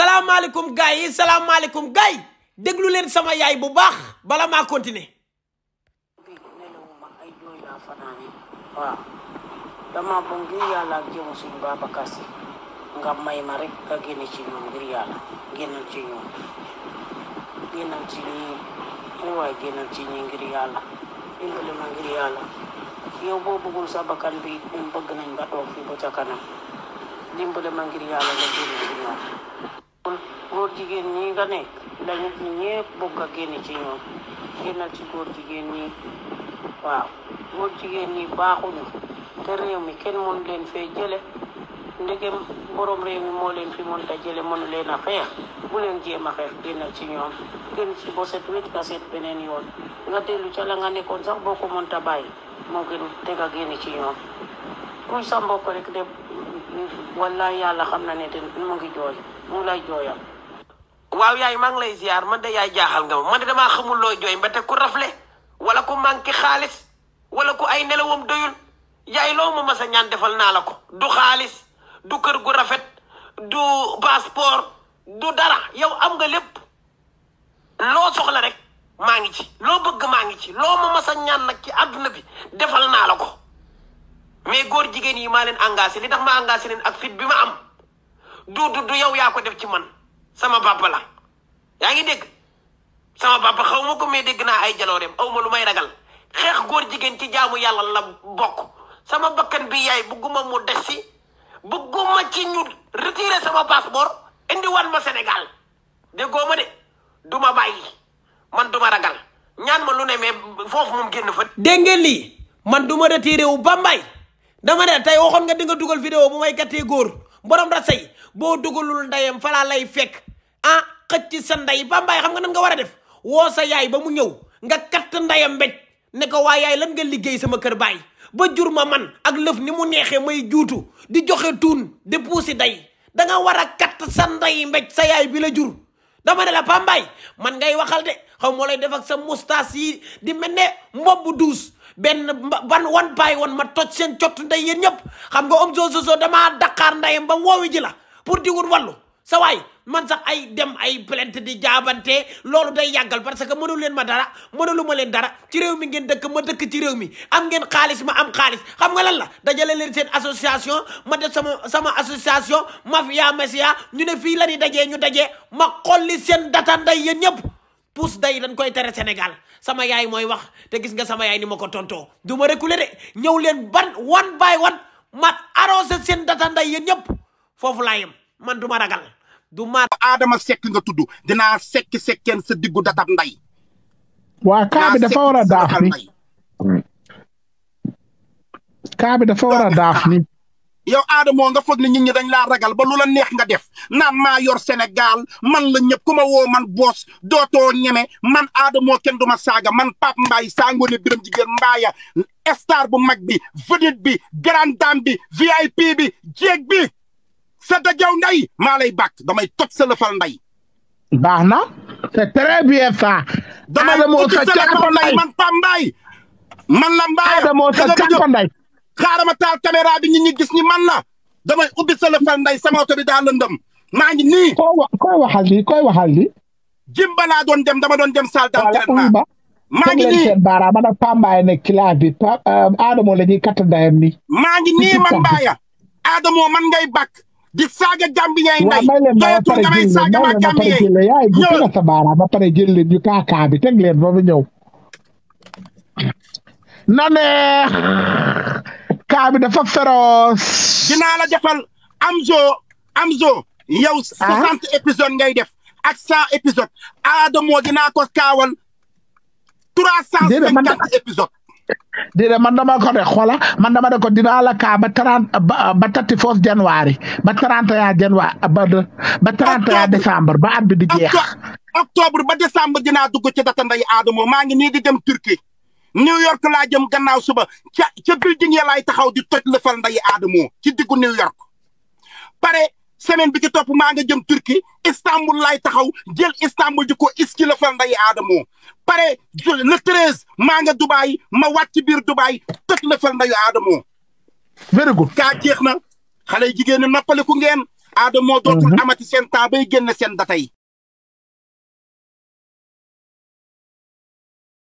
salaamaaleykum gars yi salaamaaleykum gars yi leen sama yaay bu baax bala maa continuer waaw dama bu ngir yàlla ak jëmu suñ Babacar Si nga may ma rek nga génne ci ñoom ngir yàlla génnal ci ñoom génnal ci ñii ay ci ñii ngir yàlla ngir bi ñun bëgg nañ nga toog fii ba ngir yàlla ci ñoom góor jigéen ñi nga nekk la nit ñi ñëpp bëgg a génn ci ñoom génnal ci góor jigéen ñi waaw góor jigéen ñi baaxuñu te réew mi kenn mënu leen fee jële ndegem borom réew mi moo leen fi mënta jële mënu leen a xeex bu leen jéem a xeex génnal ci ñoom génn ci ba wet nga seet beneen yoon nga dellu ca la nga nekkoon sax boo ko mënta bàyyi moo gën te nga génn ci ñoom kuy sa mbokk rek dem wallaay yàlla xam na ne te mu ngi jooy mu lay jooyal. waaw yaay maa ngi lay ziar man de yaay jaaxal nga ma man de damaa xamul looy jooy ba te ku rafle wala ku manqué xaalis wala ku ay nelawam doyul yaay loo ma ñaan defal naa la ko du xaalis du kër gu rafet du passeport du dara yow am nga lépp loo soxla rek maa ngi ci loo bëgg maa ngi ci loo ma mas ñaan nag ci àdduna bi defal naa la ko. mais góor jigéen yi maa leen engagé li tax ma leen ak fit bi ma am du du du yow yaa ko def ci man sama papa la yaa ngi dégg sama papa xaw ma ko mais dégg naa ay jalooreem aw ma lu may ragal xeex góor jigéen ci jaamu yàlla la bokk sama bakkan bi yaay bugguma mu des si bugguma ci ñu retiré sama passeport indi wan ma Sénégal déggoo ma de du ma bàyyi man duma ragal ñaan ma lu ne mais foofu moom génn fa. dégg ngeen lii man du ma retiré wu Bambey dama ne tey waxoon nga di nga dugal vidéo bu may gàttee góor borom rasay boo dugalul ndeyam falaa lay fekk ah xëcc sa ndey bambaay xam nga nan nga war a def woo sa yaay ba mu ñëw nga katt ndeyam mbej ne ko waa yaay lan nga liggéey sama kër baay ba jur ma man ak lëf ni mu neexee may juutu di joxe tuun di puusi day da nga war a katt sa ndey mbéj sa yaay bi la jur dama ne la pambaay man ngay waxal de xaw moo lay def ak sa moustache yi di mel ne mbob bu duus benn ban wan bàyyi woon ma toj seen cott ndey yéen ñëpp xam nga om so so damaa daqaar ndeyam ba woowi ji la pour di wut wàllu sa waay man sax ay dem ay plainte di jaabante loolu day yàggal parce que mënu leen ma dara mënulu leen dara ci réew mi ngeen dëkk ma dëkk ci réew mi am ngeen xaalis ma am xaalis xam nga lan la dajale leen seen association ma def sama sama association mafia masia ñu ne fii la ñuy dajee ñu dajee ma xolli seen data nday yéen ñëpp puus day lañ koy tere Sénégal sama yaay mooy wax te gis nga sama yaay ni ma ko tontoo du ma reculer de ñëw leen ban one by one mat arrosé seen data nday yéen ñëpp foofu laa yem man du ma ragal du ma Adama sekk nga tudd dinaa sekk sekkeen sa diggu data nday waa kaa dafa war a daaf ni hmm. kaa bi dafa war a daaf ni yow aadamoo nga foog ne nit ñi dañ laa ragal ba lu la neex nga def naan maa yor Sénégal man la ñëpp ku ma woo man boos dootoo ñeme man aadamoo kenn du ma saaga man Pape Mbaye Sangoné Birame Jigéen Mbaaya star bu mag bi vedette bi grande dame bi VIP bi jeeg bi sa dajaw nday maa lay bàkk damay toj sa lëfal nday baax na c'est très bien ça damay toj sa lëfal nday man Pape man la Mbaaya aadamoo sa càmpanday xaaral ma taal caméra bi nit ñi gis ñi man na damay ubbi sa lëfal nday sama oto bi daa lëndëm maa ngi nii. koy wa koy waxal li koy waxal li jimba doon dem dama doon dem salle d'entraînement maa ma nii seen baaraam man Pa Mbaye ne classe bi Pa euh, la ñuy katt ndayam ni maa ngi nii man Mbaye Adamo man ngay bakk di saaga gambien nday doyatul damay saaga ma gambien yaay bu tëgg sa baaraam ba pare jël leen ñu kaakaa bi teg leen ba mu ñëw na kaa bi dafa féroce. dinaa la defal Amzo Amzo. yow ah. soixante épisode ngay def ak cent épisode dinaa ko kaawal trois cent cinquante épisode déedéet man dama ko de xoola man dama de ko dinaa la kaa ba trente ba thirty first janvier ba trente et un janvier ba ba trente et un décembre ba at bi di jeex. octobre ba décembre dinaa dugg ci data nday Adamo maa ngi nii di dem Turquie. New York laa jëm gannaaw suba ca ca building ya laay taxaw di toj lëfal nday aadamoo ci diggu New York pare semaine bi ci topp maa nga jëm Turquie Istanbul laay taxaw jël Istanbul di ko iski lëfal nday aadamoo pare le treize maa nga Dubaay ma wàcc biir Dubaay toj lëfal ndeyu aadamoo very good kaa jeex na xale jigéen ñi noppaliku ngeen aadamoo dootul mhm. amati seen temps bay génn seen data